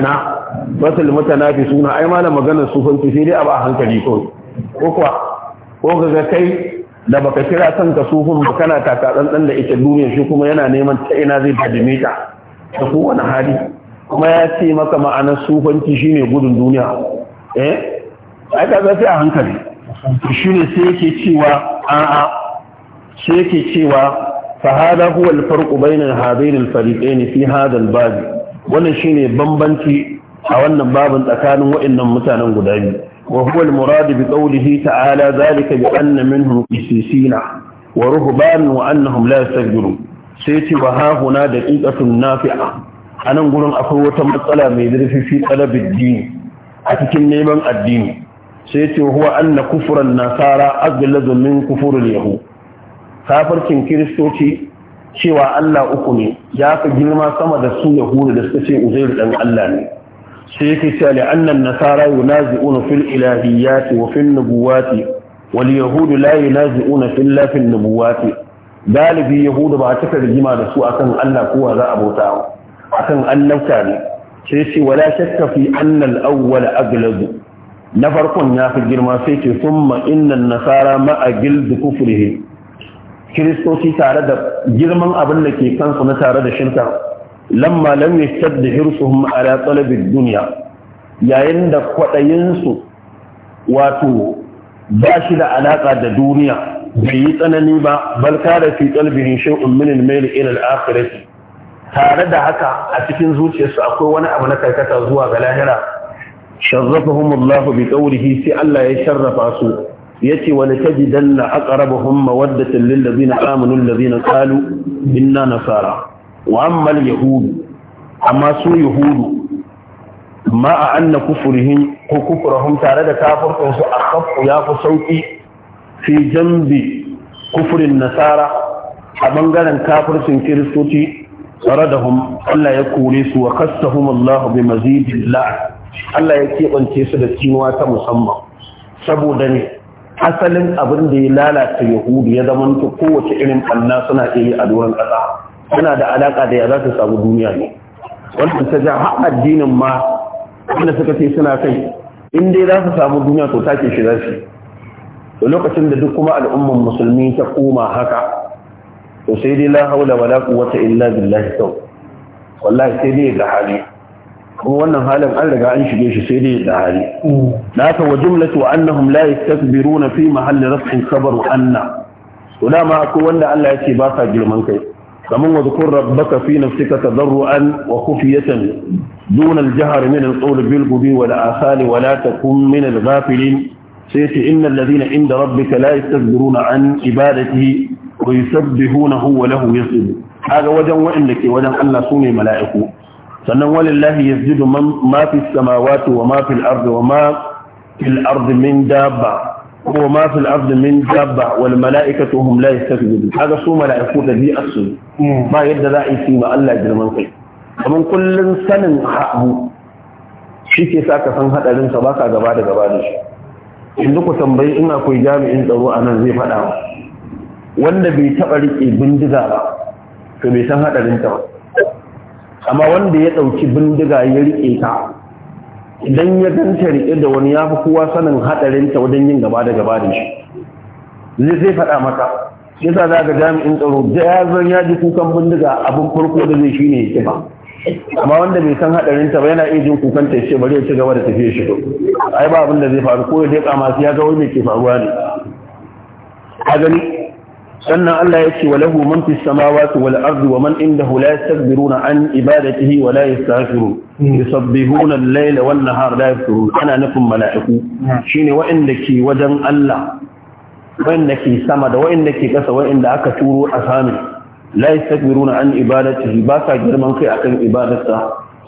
na fi suna. ai ma da maganar sufanci sai dai a ba hankali ko ko kuwa ko ga kai da baka kira ka sufun ba kana taka dan da ita duniya shi kuma yana neman ta ina zai dame ta ta kowane hali kuma ya ce maka ma'anar sufanci shine gudun duniya eh ai ka zafi a hankali ne sai yake cewa a'a sai yake cewa فهذا هو الفرق بين هذين الفريقين fi هذا الباب wannan shine bambanci a wannan babin tsakanin waɗannan mutanen guda biyu wa huwa al bi qawlihi ta'ala zalika bi anna minhum qisisina wa ruhban wa annahum la yasjudu sai ce wa ha huna daqiqatun nafi'a anan gurin akwai wata matsala mai zurfi fi talabid din a cikin neman addini sai ce huwa anna kufran nasara azlazu min kufur yahud kafircin kiristoci cewa Allah uku ne ya fi girma sama da su yahudu da suka ce uzair dan Allah ne sai yake cewa li'annan nasara yunazi'una fil ilahiyyati wa fil nubuwati wal yahudu la yunazi'una fil la fil nubuwati galibi yahudu ba a cika da su akan Allah ko za a bauta akan annabta ne sai ce wala shakka fi anna al-awwal na farkon ya fi girma sai ce summa innan nasara ma'a gildu kufrihi kiristoci tare da girman abin da ke kansu na tare da shirka lamma lam yashtad hirsuhum ala talabi dunya yayin da kwaɗayinsu wato ba shi da alaka da duniya bai yi tsanani ba bal kada fi qalbihi shay'un min al-mail ila al-akhirati tare da haka a cikin zuciyarsu akwai wani abu na karkata zuwa ga lahira sharrafahum Allah bi qawlihi sai Allah ya sharrafa su yace wala tajidanna aqrabahum mawaddatan lil ladina amanu alladhina qalu inna nasara wa amma al amma su yahudu ma anna kufrihim ko kufrahum tare da kafirun a kafu ya fi sauƙi fi jambi kufrin nasara a bangaren kafircin kiristoci tsaradahum Allah ya kore su wa kassahum Allah bi mazidin Allah ya keɓance su da cinuwa ta musamman saboda ne asalin abin da ya lalata yahudu ya zama kowace irin ɓanna suna iya yi a doron ƙasa suna da alaƙa da ya za su samu duniya ne wanda ta ja har addinin ma wanda suka ce suna kai in dai za su samu duniya to take shi za shi to lokacin da duk kuma al'umman musulmi ta koma haka to sai dai la haula wala quwwata illa billahi kawai wallahi sai dai ga hali kuma wannan halin an riga an shige shi sai dai da hali da mm. haka wa jumlatu annahum la yastakbiruna fi mahalli rafin sabaru anna to dama akwai wanda Allah ya ce ba sa girman kai kamar wasu zukur rabbaka fi nafsika tadarruan wa khufiyatan dun al-jahr min al-qawl bil ghudi asali wa la takun min al-ghafilin sai ce innal ladina inda rabbika la yastakbiruna an ibadatihi wa yusabbihunahu wa lahu yasjudu kaga wajen wa'anda ke wajen Allah sune mala'iku sannan walillahi yasjudu ma fi samawati wa ma fil ardi wa ma fil ardi min dabba wa ma fil ardi min dabba wal mala'ikatu hum la yastakbirun kaga su mala'iku da bi asu ba yadda za a yi ma Allah girman kai kamar kullun sanin habu shi ke sa ka san hadarin sa baka gaba da gaba da shi yanzu ku tambayi in akwai jami'in tsaro a nan zai faɗa wanda bai taɓa riƙe bindiga ba to bai san hadarin ta ba amma wanda ya ɗauki bindiga ya riƙe ta idan ya ganta riƙe da wani ya fi kowa sanin haɗarinta wajen yin gaba da gaba da shi zai zai faɗa maka yasa za ga jami'in tsaro da ya zan ya ji kukan bindiga abin farko da zai shine ya kiba amma wanda bai san haɗarinta ba yana iya jin kukan ta ce bari ya ci gaba da tafiya shi ai ba abin da zai faru ko ya dai su ya ga wani ke faruwa ne a gani sannan Allah ya ce walahu man fi samawati wal ardi wa man indahu la yastakbiruna an ibadatihi wa la yastaghfirun hmm. yusabbihuna al-layla wan nahara la yafturun ana nufin mala'iku hmm. shine wa'inda ke wajen Allah wa'inda ke sama da wa'inda ke kasa wa'inda aka turo a samin la yastakbiruna an ibadatihi ba sa girman kai akan ibadarsa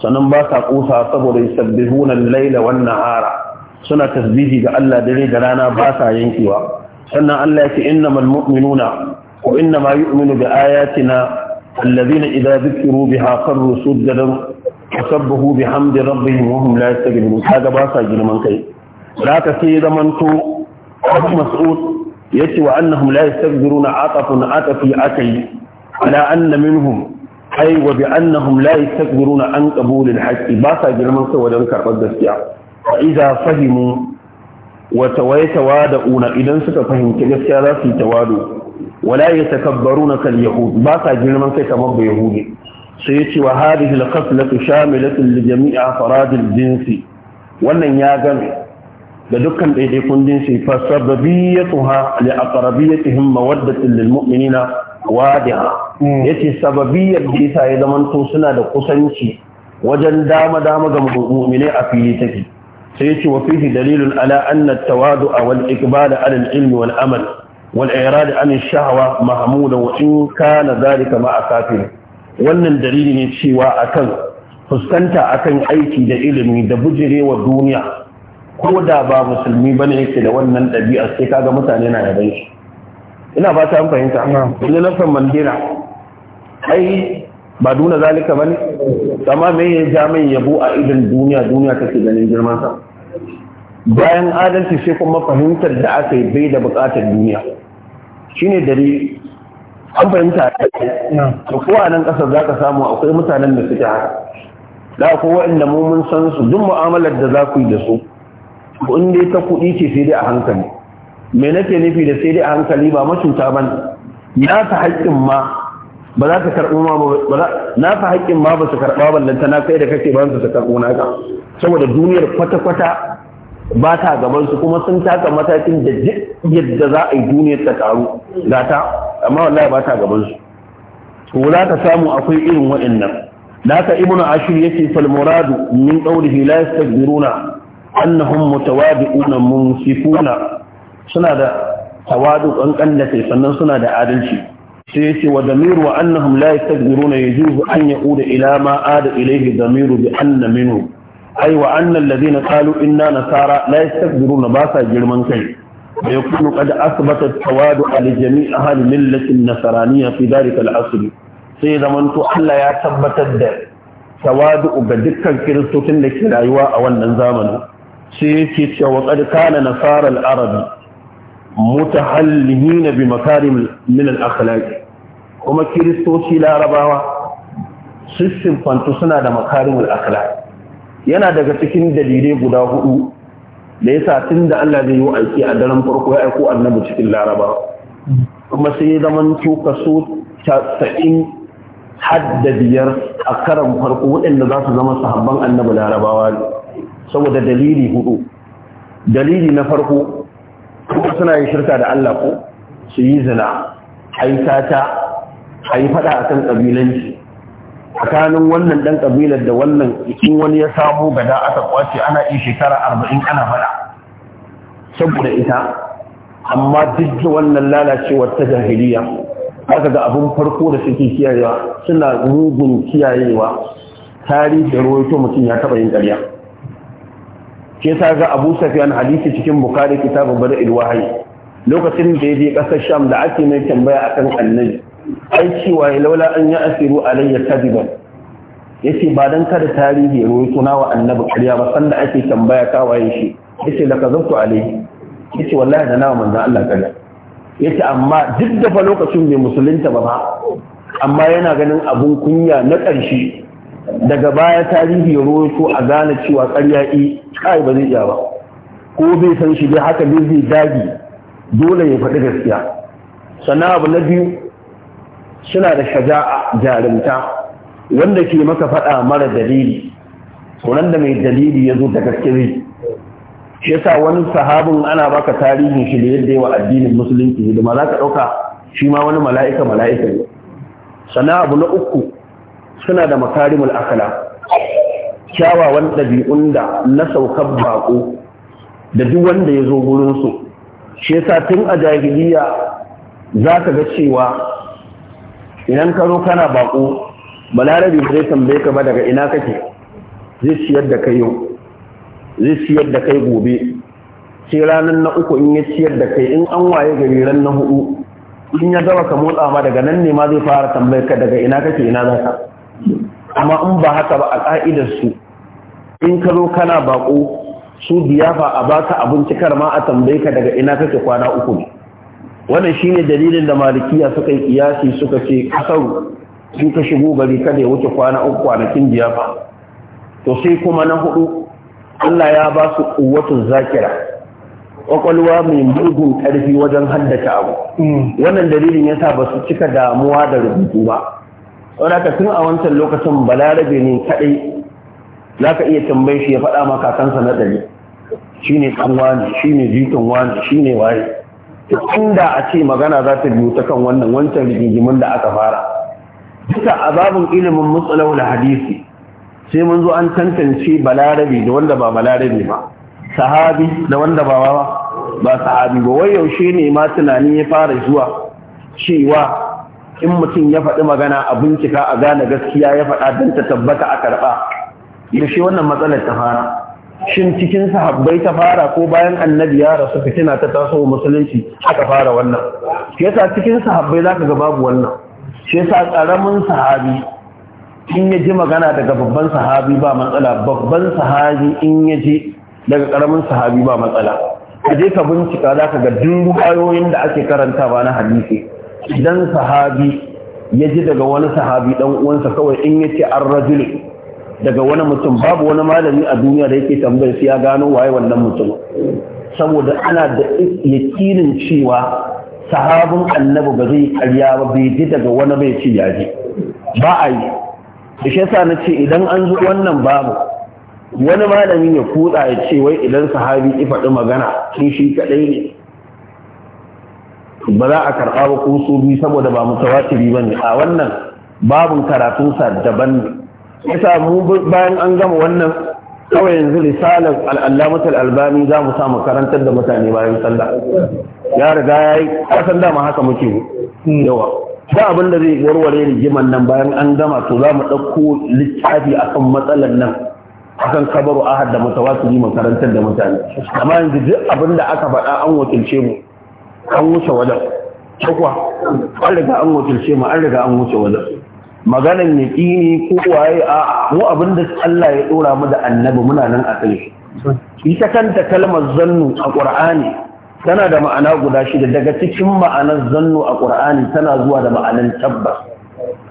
sannan ba sa kosa saboda yusabbihuna al-layla wan nahara suna tasbihi ga Allah dare da rana ba sa yankewa sannan Allah ya ce innamal mu'minuna ko innama yu'minu bi ayatina alladhina idza dhukiru biha qarru sujadan tasabbahu bihamdi rabbihim wa hum la yastaghfirun kaga ba sa girman kai zaka sai zamanto Abu Mas'ud yace wa annahum la yastaghfiruna atafun atafi akai ala anna minhum ai wa bi annahum la yastakbiruna an qabul al-haqq ba sa girman kai wajen karɓar gaskiya fa idza fahimu wa tawaitawa da una idan suka fahimci gaskiya za su yi tawadu wala yatakabbaruna kal yahud ba sa girman kai kamar ba yahudi sai yace wa hadhihi al qaflatu shamilatun li jami'i afrad jinsi wannan ya game da dukkan daidaikun jinsi fa sababiyatuha li aqrabiyatihim mawaddatun lil mu'minina wadiha hmm. yace sababiyyar da ya zamanto suna da kusanci wajen dama dama ga muminai a fili take sai yace wa fihi dalilun ala anna tawadua wal iqbal ala al-ilm wal amal wal i'rad an ash-shahwa mahmuda wa in kana dhalika ma'a kafir wannan dalili ne cewa akan fuskanta akan aiki da ilimi da bujirewa duniya ko da ba musulmi ne yake da wannan ɗabi'a sai kaga mutane na yaban shi ina ba ta fahimta amma idan na san mandira ai ba duna zalika bane amma me ya ja mai yabo a idan duniya duniya take ganin girman sa bayan adalci sai kuma fahimtar da aka yi bai da buƙatar duniya shine dare an fahimta to ko a nan za zaka samu akwai mutanen da suke haka da ko waɗanda mu mun san su duk mu'amalar da za ku yi da su in dai ta kuɗi ce sai dai a hankali me nake nufi da sai dai a hankali ba mutunta ban ya ta haƙƙin ma ba za ka karɓo ma ba na fi haƙƙin ma ba su karɓa ballanta na kai da kake ba su karɓo na ka saboda duniyar kwata-kwata ba ta gaban su kuma sun taka matakin da duk yadda za a yi duniyar ta karu ga ta amma wallahi ba ta gaban su to za ka samu akwai irin waɗannan naka ibnu ashir yake fal muradu min qawlihi la yastakbiruna annahum mutawadi'una munsifuna suna da tawadu kankan da sannan suna da adalci sai yace wa damiru wa annahum la yastaghfiruna yajuzu an yaudu ila ma ada ilayhi damiru bi anna minhu ay wa anna alladhina qalu inna nasara la yastaghfiruna ba sa girman kai bai kunu qad asbata tawadu ali jami' ahli millati nasraniyya fi dhalika al'asr sai zaman Allah ya tabbatar da tawadu ga dukkan kiristocin da ke rayuwa a wannan zamanin sai yake cewa qad kana nasara al mutahallihina bi makarim min al-akhlaq kuma kiristoci larabawa sun fantu suna da makarim al-akhlaq yana daga cikin dalilai guda hudu da yasa tun da Allah zai yi aiki a daren farko ya aiko annabi cikin larabawa kuma sai ya zaman tuka so tasa'in hadda biyar a karan farko waɗanda za su zama sahabban annabi larabawa saboda dalili hudu dalili na farko kuma suna yin shirka da Allah ko su yi zina a yi tata a yi faɗa a kan ƙabilanci tsakanin wannan ɗan ƙabilar da wannan in wani ya samu gada aka kwace ana yi shekara arba'in ana faɗa saboda ita amma duk da wannan lalacewar ta jahiliya aka ga abin farko da suke kiyayewa suna mugun kiyayewa tarihi da ruwaito mutum ya taɓa yin ƙarya shi yasa ga Abu Sufyan hadisi cikin Bukhari kitabun bada ilwahi lokacin da ya je kasar Sham da ake mai tambaya akan Annabi ai cewa laula an ya asiru alayya kadiban yace ba dan kada tarihi ya roƙi na wa Annabi ƙarya ba sanda ake tambaya ta waye shi yace laka zakku alayhi yace wallahi da nawa manzon Allah kada yace amma duk da fa lokacin bai musulunta ba amma yana ganin abun kunya na ƙarshe daga baya tarihi ya roto a gane cewa ƙarya i kai ba zai iya ba ko bai san shi dai haka ne zai dagi dole ya faɗi gaskiya sannan abu na biyu suna da shaja'a jarumta wanda ke maka faɗa mara dalili sunan da mai dalili ya zo da gaske shi yasa wani sahabin ana baka tarihin shi da yadda yawa addinin musulunci da ma za ka ɗauka shi ma wani mala'ika mala'ika ne sannan abu na uku suna da makarimul akala kyawawan ɗabi'un da na saukar baƙo da duk wanda ya zo gurinsu shi yasa tun a jahiliya za ka ga cewa idan ka zo kana baƙo balarabi zai tambaye ka ba daga ina kake zai siyar da kai yau zai siyar da kai gobe sai ranar na uku in ya siyar da kai in an waye gari ran na hudu in ya gama ka motsa ma daga nan ne ma zai fara tambayar ka daga ina kake ina za ka amma in ba haka ba a ka'idar su in ka zo kana bako su diyafa a baka abinci kar ma a tambaye ka daga ina kake kwana uku ne wannan shine dalilin da malikiya suka yi kiyasi suka ce kasau su ka shigo gari kada ya wuce kwana uku kwanakin diyafa to sai kuma na hudu Allah ya ba su kuwatun zakira kwakwalwa mai mugun karfi wajen haddace abu hmm. wannan dalilin yasa ba su cika damuwa da rubutu ba wadda tun a wancan lokacin balarabe ne kaɗai za ka iya tambayi shi ya faɗa ma kakansa na ɗari shi ne ɗan wani shi ne jikin wani shi ne waye inda a ce magana za ta biyu ta kan wannan wancan rigimin da aka fara duka azabin ilimin mutsalau da hadisi sai mun zo an tantance balarabe da wanda ba balarabe ba sahabi da wanda ba ba sahabi ba wai yaushe ne ma tunani ya fara zuwa cewa in mutum ya faɗi magana a bincika a gane gaskiya ya faɗa don ta tabbata a karɓa yaushe wannan matsalar ta fara shin cikin sahabbai ta fara ko bayan annabi ya rasu fitina ta taso musulunci aka fara wannan shi yasa cikin sahabbai ka ga babu wannan shi yasa ƙaramin sahabi in ya ji magana daga babban sahabi ba matsala babban sahabi in ya ji daga ƙaramin sahabi ba matsala ka je ka bincika za ka ga duk ayoyin da ake karantawa na hadisi idan sahabi ya ji daga wani sahabi dan uwansa kawai in yace an rajul daga wani mutum babu wani malami a duniya da yake tambayar sai ya gano waye wannan mutum saboda ana da yakinin cewa sahabin annabi ba zai karya ba bai ji daga wani bai ci yaji ba a yi da shi yasa na ce idan an zo wannan babu wani malami ya kutsa ya ce wai idan sahabi ki faɗi magana shi shi kaɗai ne ba za a karɓa ba ko su biyu saboda ba mutawatiri ba ne a wannan babun sa daban ne yasa mu bayan an gama wannan kawai yanzu risalar al'allamatul albani za mu samu karantar da mutane bayan sallah ya riga ya yi kasan dama haka muke yawa ba abin da zai warware rigiman nan bayan an gama to za mu ɗauko littafi akan matsalar nan akan kabaru ahad da mutawatiri mu karantar da mutane amma yanzu duk abin da aka faɗa an wakilce mu an wuce wajen takwa an riga an wakilce mu an riga an wuce wajen maganan ya ƙini ko waye a mu abin da Allah ya ɗora mu da annabi muna nan a kai ita kanta kalmar zannu a ƙur'ani tana da ma'ana guda shida daga cikin ma'anar zannu a ƙur'ani tana zuwa da ma'anar tabbas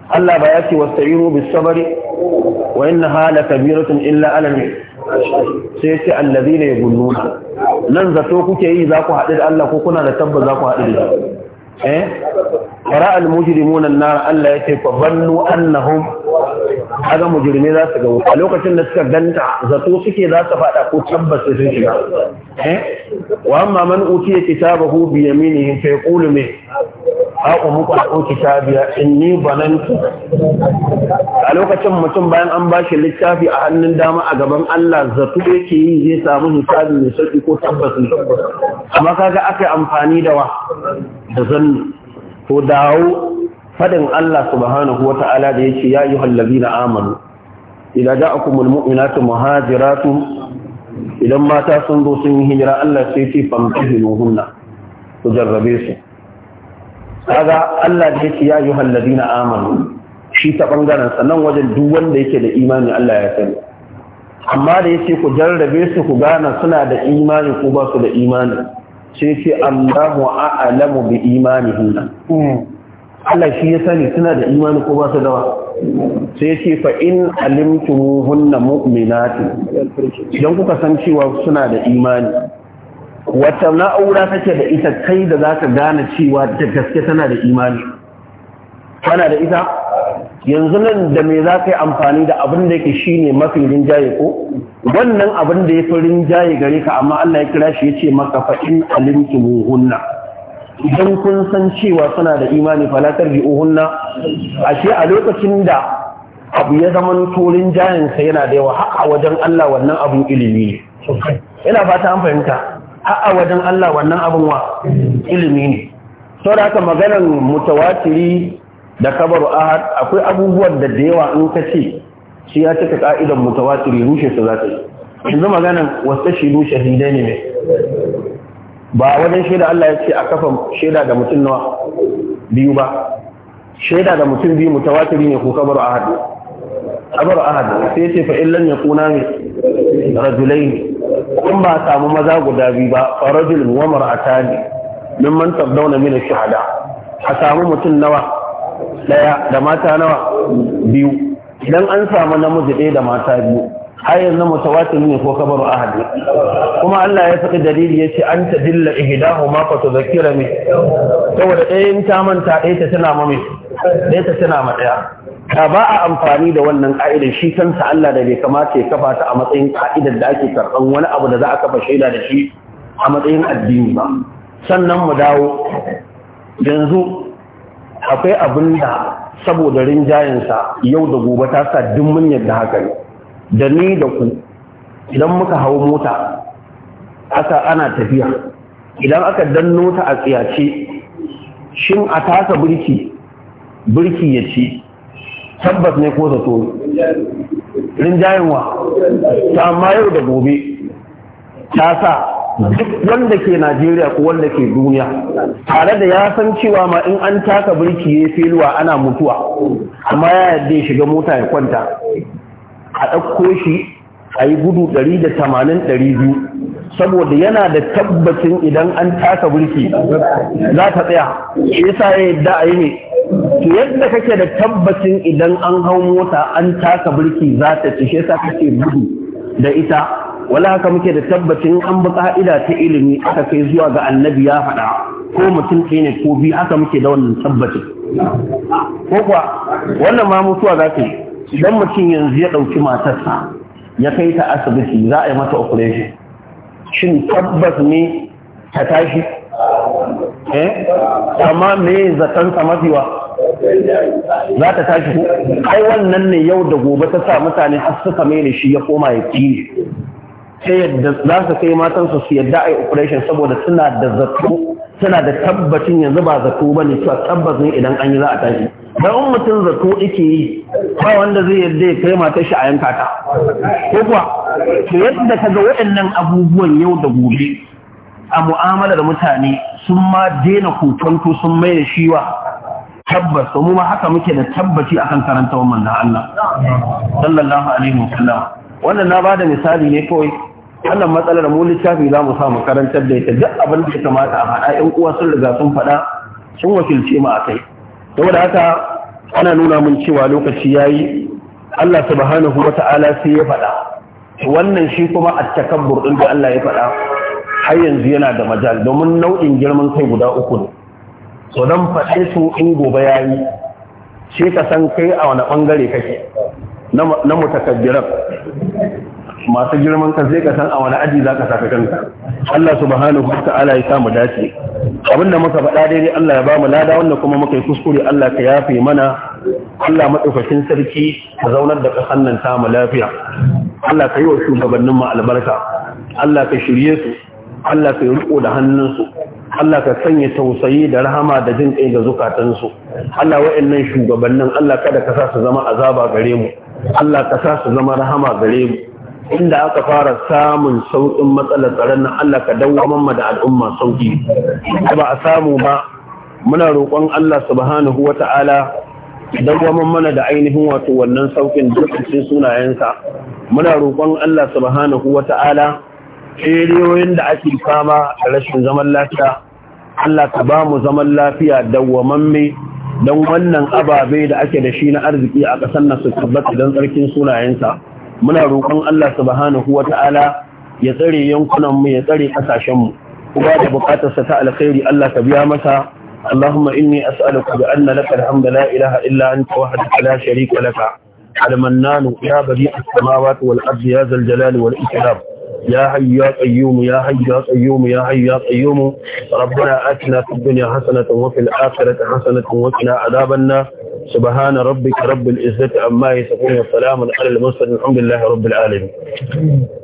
Allah ba ya ce wasu ta'iro bisabari wa inna hala kabiratun illa alal sai ya ce allazi ne gulluna nan zato kuke yi za ku haɗu da Allah ko kuna da tabba za ku haɗu da shi eh fara al nar Allah ya ce fa bannu annahum aga mujrimi za su ga A lokacin da suka ganta zato suke za su fada ko tabbas sun shiga eh wa amma man utiya kitabahu bi yaminihi fa yaqulu me haƙo muku a ɗauki biya in ni banantu a lokacin mutum bayan an ba shi littafi a hannun dama a gaban Allah zato yake yi zai samu hisabi mai sauƙi ko tabbas ne amma kaga aka amfani da wa da zanni to dawo fadin Allah subhanahu wa ta'ala da yake ya yi hallabi na amanu idan za a ja'akumul mu'minatu muhajiratu idan mata sun zo sun yi hijira Allah sai ce famtihinuhunna ku jarrabe su kaga Allah da yake ya yuhal ladina amanu shi ta bangaren sannan wajen duk wanda yake da imani Allah ya sani amma da yake ku jarrabe su ku gana suna da imani ko ba su da imani sai ce Allahu a'lamu bi imanihi hmm. Allah shi ya sani suna da imani ko ba su da sai ce fa in alimtumuhunna mu'minatin idan kuka san cewa suna da imani wata na'ura take da ita kai da za ka gane cewa da gaske tana da imani tana da ita yanzu nan da me za ka yi amfani da abin da yake shi ne mafi rinjaye ko wannan abin da ya fi rinjaye gare ka amma Allah ya kira shi ya ce maka fa'in alimki muhunna idan kun san cewa suna da imani falatar bi uhunna ashe a lokacin da abu ya zama turin jayansa yana da yawa haka wajen Allah wannan abun ilimi ne yana fata an fahimta a wajen Allah wannan abin wa ilimi ne sau da aka maganan mutawatiri da kabaru ahad akwai abubuwan da da yawa in ka ce shi ya cika ka'idan mutawatiri rushe su za ta yi yanzu maganan wasu shidu shahidai ne mai ba wajen shaida Allah ya ce a kafa shaida da mutum nawa biyu ba shaida da mutum biyu mutawatiri ne ko kabaru ahad kabaru ahad sai ce fa illan ya kuna ne rajulai in ba a samu maza guda biyu ba farajul wa mar'atani mimman mantar min ash shahada. a samu mutum nawa daya da mata nawa biyu idan an samu namiji ɗaya da mata biyu har yanzu mutawatir ne ko kabaru ahadi kuma Allah ya faɗi dalili yace an ta dilla ihdahu ma fa tudhkira mi saboda ɗayan ta manta ɗaya ta tana ma ɗaya ta tana ma ɗaya ka ba a amfani da wannan ka'idar shi kansa Allah da bai kamata ya kafa ta a matsayin ka'idar da ake karɓar wani abu da za a kafa shaida da shi a matsayin addini ba sannan mu dawo yanzu akwai abin da saboda rinjayensa yau da gobe ta sa duk yadda haka ne da ni da ku idan muka hau mota aka ana tafiya idan aka danno ta a tsiyace shin a tasa birki birki ya ce. tabbas ne ko zato rinjayen wa ta amma yau da gobe ta sa duk wanda ke Najeriya ko wanda ke duniya tare da ya san cewa ma in an taka birki ya filuwa ana mutuwa amma ya yadda ya shiga mota ya kwanta a ɗauko shi a yi gudu 180 biyu. saboda yana da tabbacin idan an taka burki za ta tsaya yasa ya yadda a yi ne to yadda kake da tabbacin idan an hau mota an taka burki za ta ci shi yasa kake gudu da ita wala haka muke da tabbacin an bi ka'ida ta ilimi aka kai zuwa ga annabi ya faɗa ko mutum ɗaya ne ko biyu haka muke da wannan tabbacin ko kuwa wannan ma mutuwa za ta yi idan mutum yanzu ya ɗauki matarsa ya kai ta asibiti za a yi mata operation shin tabbas ne ta tashi eh amma me zaton sa mafiwa za ta tashi ai wannan ne yau da gobe ta sa mutane har suka mai shi ya koma ya kiyi za su kai matansu su yadda a yi operation saboda suna da zato suna da tabbacin yanzu ba zato ba ne cewa tabbas ne idan an yi za a tashi don in mutum zato ike yi ba wanda zai yadda ya kai matan shi a yanka ta ko kuwa to yadda ka ga waɗannan abubuwan yau da gobe a mu'amalar mutane sun ma daina hutuntu sun mai da shiwa tabbas mu ma haka muke da tabbaci akan karanta wannan na. sallallahu alaihi wa sallam wannan na bada misali ne kawai wannan matsalar mu littafi za mu mu karantar da ita duk abin da ya kamata a haɗa ƴan uwa sun riga sun faɗa sun wakilce mu a kai saboda haka ana nuna mun cewa lokaci yayi Allah subhanahu wata'ala sai ya faɗa wannan shi kuma a takabbur din da Allah ya faɗa har yanzu yana da majal domin nau'in girman kai guda uku ne so dan faɗe su in gobe yayi sai ka san kai a wani bangare kake na mutakabbiran masu girman kan sai ka san a wani aji za ka saka kanka Allah subhanahu wa ta'ala ya samu dace Abin da muka faɗa daidai Allah ya bamu mu lada wanda kuma muka yi kuskure Allah ka yafe mana Allah madaukakin sarki ka zaunar da ƙasar nan ta mu lafiya Allah ka yi wa shugabannin mu albarka Allah ka shirye su Allah ka yi riƙo da hannunsu Allah ka sanya tausayi da rahama da jin ƙai ga zukatansu Allah wa'annan shugabannin Allah kada ka sa su zama azaba gare mu Allah ka sa su zama rahama gare mu inda aka fara samun sauƙin matsalar tsaron na Allah ka dawwamar da al'umma sauƙi ba a samu ba muna roƙon Allah subhanahu wata'ala dawwamar mana da ainihin wato wannan sauƙin dukkan sunayensa muna roƙon Allah subhanahu wata'ala ƙeriyoyin da ake fama da rashin zaman lafiya Allah ka ba mu zaman lafiya dawwamamme don wannan ababe da ake da shi na arziki a ƙasar nan su tabbata don tsarkin sunayensa muna roƙon Allah subhanahu wa ya tsare yankunanmu ya tsare ƙasashenmu, kuma da buƙatarsa ta alkhairi Allah ka biya masa, Allahuma inni as'aluka bi anna laka alhamdu la ilaha illa anta wahdaka la sharika laka almannanu ya bari as-samawati wal ardi ya zal jalali wal ikram يا حي يا قيوم يا حي يا قيوم يا حي يا قيوم ربنا آتنا في الدنيا حسنة وفي الآخرة حسنة وقنا عذاب النار سبحان ربك رب العزة عما يصفون وسلام على المرسلين الحمد لله رب العالمين